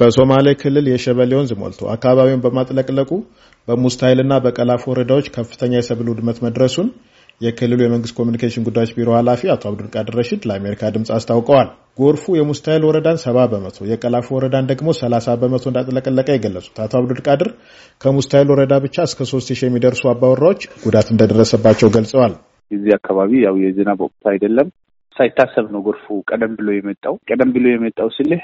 በሶማሌ ክልል የሸበሌ ወንዝ ሞልቶ አካባቢውን በማጥለቅለቁ በሙስታይልና በቀላፍ ወረዳዎች ከፍተኛ የሰብል ውድመት መድረሱን የክልሉ የመንግስት ኮሚኒኬሽን ጉዳዮች ቢሮ ኃላፊ አቶ አብዱልቃድር ረሽድ ለአሜሪካ ድምፅ አስታውቀዋል። ጎርፉ የሙስታይል ወረዳን ሰባ በመቶ የቀላፍ ወረዳን ደግሞ ሰላሳ በመቶ እንዳጥለቀለቀ የገለጹት አቶ አብዱልቃድር ከሙስታይል ወረዳ ብቻ እስከ ሶስት ሺህ የሚደርሱ አባወራዎች ጉዳት እንደደረሰባቸው ገልጸዋል። እዚህ አካባቢ ያው የዝናብ ወቅቱ አይደለም፣ ሳይታሰብ ነው ጎርፉ ቀደም ብሎ የመጣው። ቀደም ብሎ የመጣው ስልህ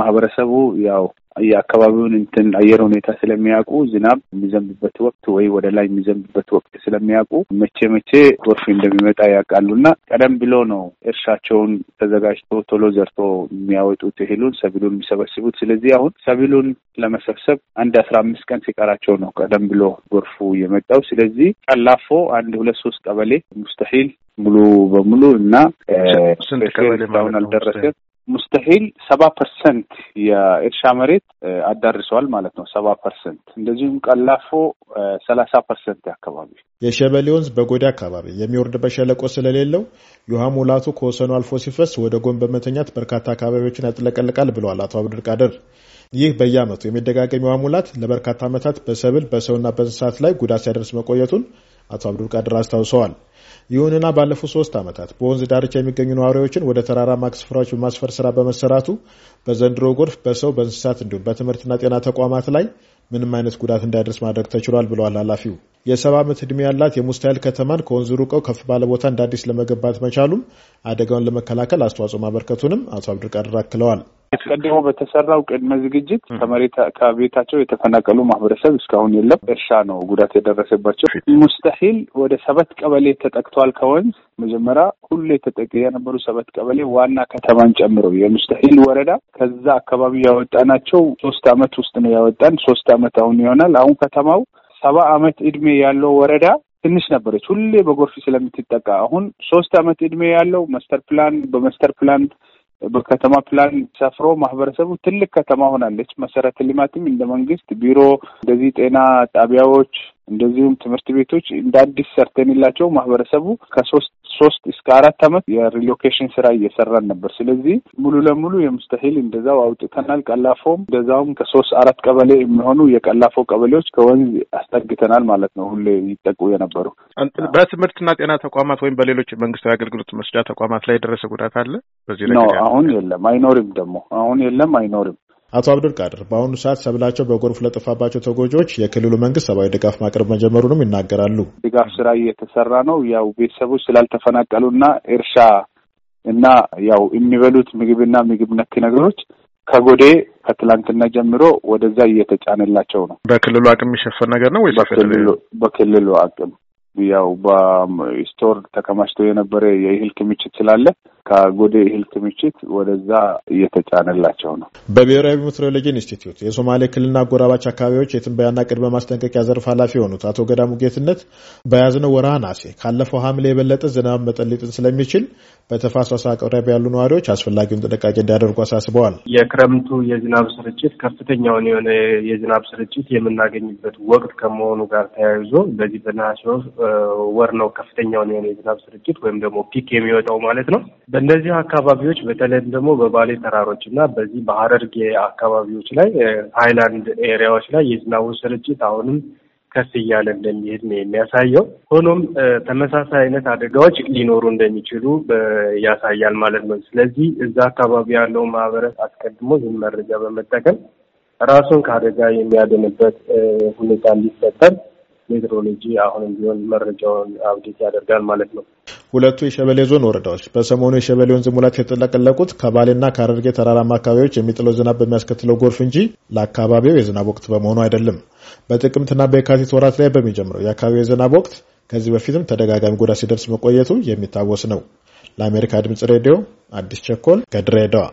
ማህበረሰቡ ያው የአካባቢውን እንትን አየር ሁኔታ ስለሚያውቁ ዝናብ የሚዘንብበት ወቅት ወይ ወደ ላይ የሚዘንብበት ወቅት ስለሚያውቁ መቼ መቼ ጎርፍ እንደሚመጣ እና ቀደም ብሎ ነው እርሻቸውን ተዘጋጅቶ ቶሎ ዘርቶ የሚያወጡት እህሉን፣ ሰብሉን የሚሰበስቡት። ስለዚህ አሁን ሰብሉን ለመሰብሰብ አንድ አስራ አምስት ቀን ሲቀራቸው ነው ቀደም ብሎ ጎርፉ የመጣው። ስለዚህ ቀላፎ አንድ ሁለት ሶስት ቀበሌ ሙስተሂል ሙሉ በሙሉ እና ሁን አልደረሰም ሙስተሂል ሰባ ፐርሰንት የእርሻ መሬት አዳርሰዋል ማለት ነው። ሰባ ፐርሰንት እንደዚሁም ቀላፎ ሰላሳ ፐርሰንት አካባቢ የሸበሌ ወንዝ በጎዴ አካባቢ የሚወርድበት ሸለቆ ስለሌለው የውሃ ሙላቱ ከወሰኑ አልፎ ሲፈስ ወደ ጎን በመተኛት በርካታ አካባቢዎችን ያጥለቀልቃል ብለዋል አቶ አብዱልቃድር። ይህ በየዓመቱ የሚደጋገሚዋ ሙላት ለበርካታ ዓመታት በሰብል በሰውና በእንስሳት ላይ ጉዳት ሲያደርስ መቆየቱን አቶ አብዱልቃድር አስታውሰዋል። ይሁንና ባለፉት ሶስት ዓመታት በወንዝ ዳርቻ የሚገኙ ነዋሪዎችን ወደ ተራራማ ስፍራዎች በማስፈር ስራ በመሰራቱ በዘንድሮ ጎርፍ በሰው በእንስሳት እንዲሁም በትምህርትና ጤና ተቋማት ላይ ምንም አይነት ጉዳት እንዳይደርስ ማድረግ ተችሏል ብለዋል ኃላፊው። የሰባ ዓመት ዕድሜ ያላት የሙስታይል ከተማን ከወንዝ ሩቀው ከፍ ባለ ቦታ እንደ አዲስ ለመገንባት መቻሉም አደጋውን ለመከላከል አስተዋጽኦ ማበርከቱንም አቶ አብዱልቃድር አክለዋል። አስቀድሞ በተሰራው ቅድመ ዝግጅት ከመሬት ከቤታቸው የተፈናቀሉ ማህበረሰብ እስካሁን የለም። እርሻ ነው ጉዳት የደረሰባቸው። ሙስተሂል ወደ ሰበት ቀበሌ ተጠቅቷል። ከወንዝ መጀመሪያ ሁሉ የተጠቀ የነበሩ ሰበት ቀበሌ ዋና ከተማን ጨምሮ የሙስተሂል ወረዳ ከዛ አካባቢ ያወጣናቸው ሶስት አመት ውስጥ ነው ያወጣን። ሶስት አመት አሁን ይሆናል። አሁን ከተማው ሰባ አመት እድሜ ያለው ወረዳ ትንሽ ነበረች፣ ሁሌ በጎርፍ ስለምትጠቃ። አሁን ሶስት አመት እድሜ ያለው ማስተር ፕላን በማስተር ፕላን በከተማ ፕላን ሰፍሮ ማህበረሰቡ ትልቅ ከተማ ሆናለች። መሰረተ ልማትም እንደ መንግስት ቢሮ፣ እንደዚህ ጤና ጣቢያዎች እንደዚሁም ትምህርት ቤቶች እንደ አዲስ ሰርተንላቸው ማህበረሰቡ ከሶስት ሶስት እስከ አራት አመት የሪሎኬሽን ስራ እየሰራን ነበር። ስለዚህ ሙሉ ለሙሉ የሙስተሂል እንደዛው አውጥተናል። ቀላፎም እንደዛውም ከሶስት አራት ቀበሌ የሚሆኑ የቀላፎ ቀበሌዎች ከወንዝ አስጠግተናል ማለት ነው። ሁሌ ይጠቁ የነበሩ በትምህርትና ጤና ተቋማት ወይም በሌሎች መንግስታዊ አገልግሎት መስጫ ተቋማት ላይ የደረሰ ጉዳት አለ በዚህ ነው? አሁን የለም አይኖርም። ደግሞ አሁን የለም አይኖርም። አቶ አብዱል ቃድር በአሁኑ ሰዓት ሰብላቸው በጎርፍ ለጠፋባቸው ተጎጂዎች የክልሉ መንግስት ሰብአዊ ድጋፍ ማቅረብ መጀመሩንም ይናገራሉ። ድጋፍ ስራ እየተሰራ ነው። ያው ቤተሰቦች ስላልተፈናቀሉና እርሻ እና ያው የሚበሉት ምግብና ምግብ ነክ ነገሮች ከጎዴ ከትላንትና ጀምሮ ወደዛ እየተጫነላቸው ነው። በክልሉ አቅም የሚሸፈን ነገር ነው ወይስ በክልሉ አቅም ያው በስቶር ተከማችቶ የነበረ የእህል ክምችት ስላለ ከጎዴ እህል ክምችት ወደዛ እየተጫነላቸው ነው። በብሔራዊ ሜትሮሎጂ ኢንስቲትዩት የሶማሌ ክልልና አጎራባች አካባቢዎች የትንበያና ቅድመ ማስጠንቀቂያ ዘርፍ ኃላፊ የሆኑት አቶ ገዳሙ ጌትነት በያዝነው ወርሃ ነሐሴ ካለፈው ሐምሌ የበለጠ ዝናብ መጠሊጥን ስለሚችል በተፋሰስ አቅራቢያ ያሉ ነዋሪዎች አስፈላጊውን ጥንቃቄ እንዲያደርጉ አሳስበዋል። የክረምቱ የዝናብ ስርጭት ከፍተኛውን የሆነ የዝናብ ስርጭት የምናገኝበት ወቅት ከመሆኑ ጋር ተያይዞ በዚህ በነሐሴ ወር ነው ከፍተኛውን የሆነ የዝናብ ስርጭት ወይም ደግሞ ፒክ የሚወጣው ማለት ነው። በእነዚህ አካባቢዎች በተለይም ደግሞ በባሌ ተራሮች እና በዚህ በሀረርጌ አካባቢዎች ላይ ሃይላንድ ኤሪያዎች ላይ የዝናቡ ስርጭት አሁንም ከፍ እያለ እንደሚሄድ ነው የሚያሳየው። ሆኖም ተመሳሳይ አይነት አደጋዎች ሊኖሩ እንደሚችሉ ያሳያል ማለት ነው። ስለዚህ እዛ አካባቢ ያለው ማህበረሰብ አስቀድሞ ይህን መረጃ በመጠቀም ራሱን ከአደጋ የሚያድንበት ሁኔታ እንዲፈጠር ሜትሮሎጂ አሁንም ቢሆን መረጃውን አብዴት ያደርጋል ማለት ነው። ሁለቱ የሸበሌ ዞን ወረዳዎች በሰሞኑ የሸበሌ ወንዝ ሙላት የተጠለቀለቁት ከባሌና ከሀረርጌ ተራራማ አካባቢዎች የሚጥለው ዝናብ በሚያስከትለው ጎርፍ እንጂ ለአካባቢው የዝናብ ወቅት በመሆኑ አይደለም። በጥቅምትና በየካቲት ወራት ላይ በሚጀምረው የአካባቢው የዝናብ ወቅት ከዚህ በፊትም ተደጋጋሚ ጉዳት ሲደርስ መቆየቱ የሚታወስ ነው። ለአሜሪካ ድምጽ ሬዲዮ አዲስ ቸኮል ከድሬዳዋ